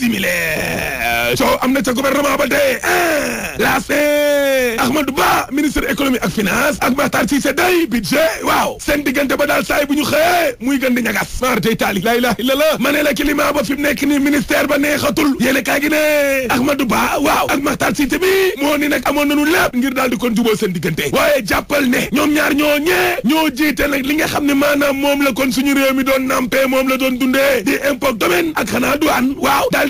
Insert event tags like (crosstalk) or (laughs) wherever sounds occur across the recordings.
similar. coow am na ca gouvernement ba dee eh. laas Ahmadou Ba ministre économie ak finance ak ci Cissé day budget waaw seen diggante ba daal saay bu ñu xëyee muy gën di ñagas mar day taali laa ilaha la ma ne la climat ba fi mu nekk ni ministère ba neexatul yéene kaa gi ne Ahmadou Ba waaw ak Makhtar Cissé bi moo ni nag amoon nañu lépp ngir daal di kon juboo seen diggante waaye jàppal ne ñoom ñaar ñoo ñee ñoo jiite nag li nga xam ne maanaam moom la kon suñu réew mi doon nampé moom la doon dundee di impôt domaine ak xanaa douane waaw daal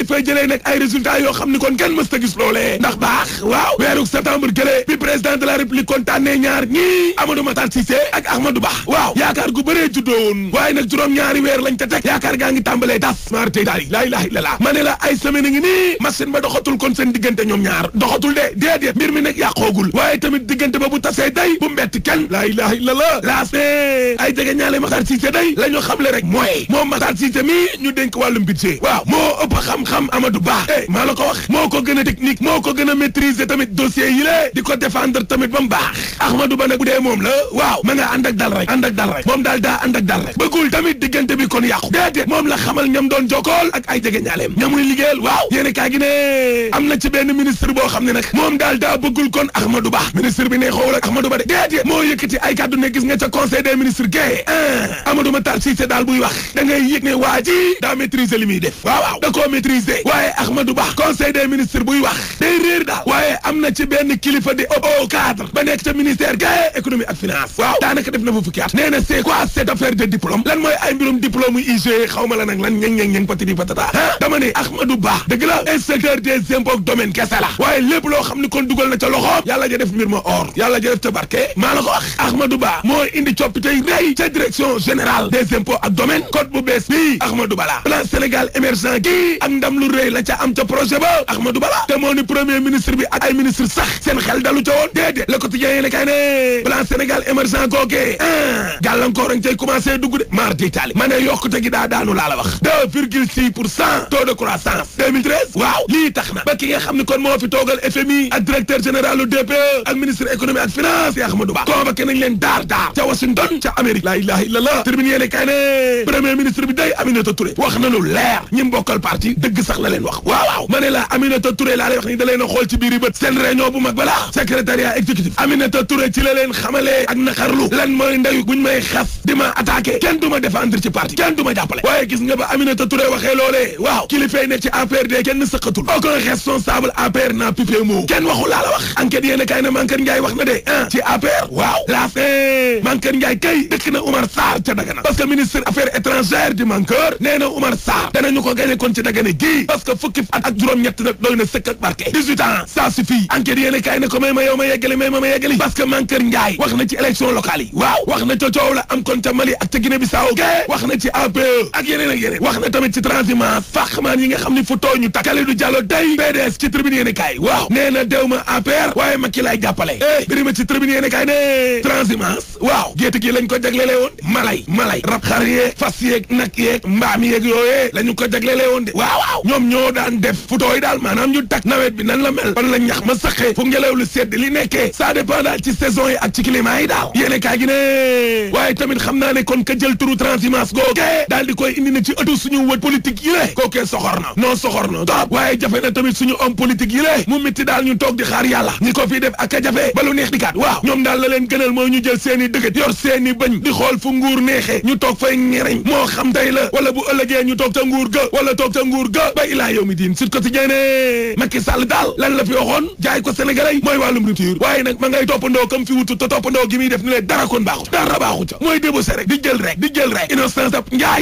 yoo xamni kon kenn mësta gis lolé ndax baax waaw weeruk septembre gële bi président de la république kontaanee ñaar ñi Amadou matan Cissé ak Ahmadou Ba waaw yaakar gu béré juddoo woon waaye nag juróom ñaari weer lañ ta tek yaakar gaa ngi tàmbalee tas maarité daal yi laa ilaaha illallaah la ay semaine ngi ni machine ba doxatul kon sen digënté ñoom ñaar doxatul de déedéet mbir mi ya yàqoogul waye tamit digënté ba bu tassé day bu mbett kenn ilaha illallah la sé ay jege ñaalé Mahtar Cissé day lañu xamlé rek moy moom Mahtar Cissé mi ñu dénk wàllum budget waaw mo ëpp xam-xam Amadou Ba eh, ko wax moo ko a technique moo a maîtriser moom dal daa ànd ak dal rek bëggul bi kon yàqu déedéet moom la xamal ñam doon jokkool ak ay jege ñaaleem ñamuy liggéeyal waaw yéene kaa gi am na ci ministre boo xam ne nag moom daal daa bëggul kon Ahmadou Ba ministre bi ne xoowul ak Ahmadou Ba de déedéet ay kàddu ne gis nga ca conseil des ministres gae a ah, Amadou Matar Cissé daal buy wax da ngay yëg ne waa daa maîtriser li muy def waaw waaw da koo maîtriser waaye Ahmadou Ba conseil des ministres buy wax day réer daal waaye am na ci benn kilifa di au cadre ba nekk ca ministère gae économie ak finance waaw daanaka def na fa fukki at nee na c'est quoi cette affaire de diplôme lan mooy ay mbirum diplôme yu IGE la nag lan ñang ñang ñang patidi patata ah dama ne Ahmadou Ba dëgg la inspecteur des impôts domaine kese waaye lépp loo xam ni kon dugal na ca loxoom yàlla ja def mbir or yàlla ja def ca barke maa la ko Ba moo ba Ahmadou Bala te moo ni premier ministre bi ak ay ministre sax seen xel dalu ca woon déedéet le quotidien yi ne kay ne plan Sénégal émergent googee a gàllankoor añ cay commencé dugg de mar d' itali ma ne yokkute gi daa daanu laa la wax deux virgule six pour cent taux de croissance 2013 waaw lii tax na ba ki nga xam ne kon moo fi toogal FMI ak directeur général lu DPE ak ministre économie ak finance yi Ahmadou Ba convoqué nañ leen daar daar ca Washington ca Amérique laa ilaha illallah tribune yéene kay ne premier ministre bi day Aminata Touré wax na lu leer ñi mbokkal parti dëgg sax la leen wax waaw waaw mané la Aminata Touré la lay wax ni da leen a xool ci biir beut sen réunion bu mag bala secrétariat exécutif Aminata Touré ci la leen xamalé ak naqarlu lan moy ndey buñ may xas dima attaquer ken duma défendre ci parti ken duma jàppale waye gis nga ba Aminata Touré waxé lolé waw kilifé né ci APR de kenn sëqatul aucun responsable APR n'a pipé mo ken waxu la la wax enquête yéne kay na manker ndjay wax na de ah ci APR waw la fé manker ndjay kay dëkk na Oumar Sarr ci Dagana parce que ministre affaires étrangères di manker néna na Oumar Sarr danañu ko gagné kon ci Dagana gi parce que fukki at ak juróom-ñett nag doy na sëkk ak barke 18 ans ça suffit enquête yéene kaay ne ko may ma yow ma yeggali may ma wax na ci élection locale yi wax na ca coow la am kon ca Mali ak ca Guinée Bissau kee wax na ci APE ak yeneen ak yeneen wax na tamit ci transhumance fàqmaan yi nga xam ne fu ñu takkale du jàllo day PDS ci tribune yéene kaay waaw nee na dew ma APR waaye Macky laay jàppale eh birima ci tribune yéene kaay ne transhumance waaw gétt gi lañ ko la ñu ko jaglele woon de tooy daal maanaam ñu tak nawet bi nan la mel fan la ñax ma saqee fu ngelaw lu sedd li nekkee ça dépend daal ci saison yi ak ci climat yi daal yéene kaa gi ne waaye tamit xam naa ne kon ka jël turu transhumance googe daal di koy indi na ci ëttu suñu wët politique yi le kookee soxor na non soxor na top waaye jafe na tamit suñu homme politique yi le mu métti daal ñu toog di xaar yàlla ñi ko fii def ak a jafe balu neex di kat waaw ñoom daal la leen gënal mooy ñu jël seen i dëgët yor seen i bañ di xool fu nguur neexee ñu toog fay moo xam tey la wala bu ñu toog ta wala toog ta nguur ga ba ilaa jaay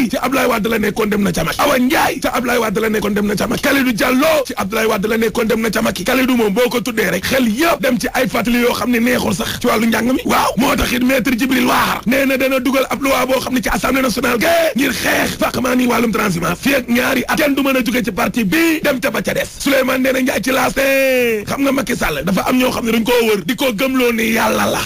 ci Abdoulaye Wade la nekkoon dem na ca Macky ci Abdoulaye Wade la nekkoon dem na ca Macky Kalidou Diallo ci Abdoulaye Wade la nekkoon dem na ca Macky moom boo ko tuddee rek xel dem ci ay fàttali yoo xam ne neexul sax ci wàllu njàng mi waaw moo taxit maître Waar nee na dana dugal ab loi boo xam ne ci assemblée nationale ga ngir xeex fàqmaa ni wàllum transhumance fii ak ñaari du mën a ci parti bi ba ca des Souleymane ci laas xam nga Macky dafa am ñoo xam ne dañ koo wër di ko gëmloo ni yàlla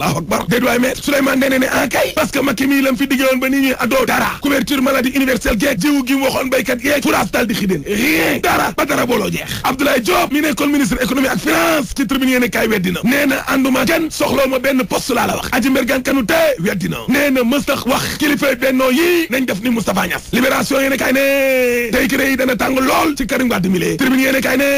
akbar déet waay mais Souleymane ne en ah kay parce que fi diggewoon ba nit dara couverture maladie universelle geeg jiwu gi mu waxoon béykat yeeg fourage di xideen rien dara ba dara booloo jeex Abdoulaye Diop ministre économie ak finance ci tribune yéene weddina nee na ànduma kenn soxloo ma benn wax aji mbergan Wade mi lee tribune yéene kay ne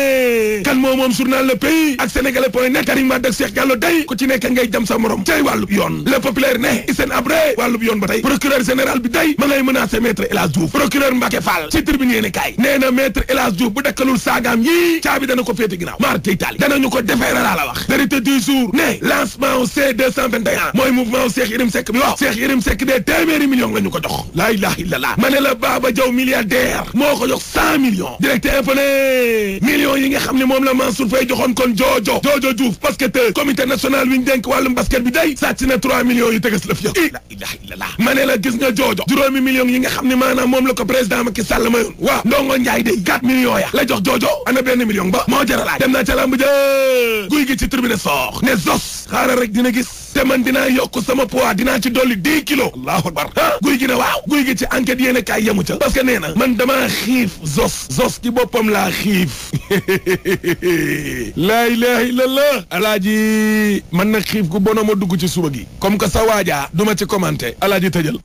kan moo moom journal le pays ak sénégalais point net Karim Wade ak Cheikh Diallo day ku ci nekk ngay jam sa morom cay wàllub yoon le populaire ne Hissène Habré wàllub yoon ba tey procureur général bi day ma ngay menacé maître El Hadj Diouf procureur Mbacké Fall ci tribune yéene kay nee na maître El Hadj Diouf bu dakkalul saagaam yii caabi dana ko féete ginnaaw maar deytaali danañu ko defeere ñu ko jox laa ilaaha illallaah ma ne la Baba Diaw milliardaire moo lépp ne millions yi nga xam ne moom la Mansour Faye joxoon kon joojo joojo Diouf basketteur comité national wi ñu denk wàllum basket bi day sàcc na trois millions yu tegas la fi yëg la ilaha illallah ma ne la gis nga joojo juróomi millions yi nga xam ne maanaam moom la ko président Macky Sall mayoon waaw ndongo Njaay day quatre millions ya la jox joojo ana benn million ba moo jaralaaj dem naa ca lamb ja guy gi ci tribune soox ne zos xaaral rek dina gis te man dina yokk sama poids dinaa ci dolli dix kilo allahu akbar ah guy gi na waaw guy gi ci enquête yéen a kaay yemu ca parce que nee man damaa xiif zos zos ci boppam laa xiif laa (laughs) ilaha illallah alaaji man nag xiif gu bono ma dugg ci suba gi comme que sa waajaa duma ci commenter alaaji tëjal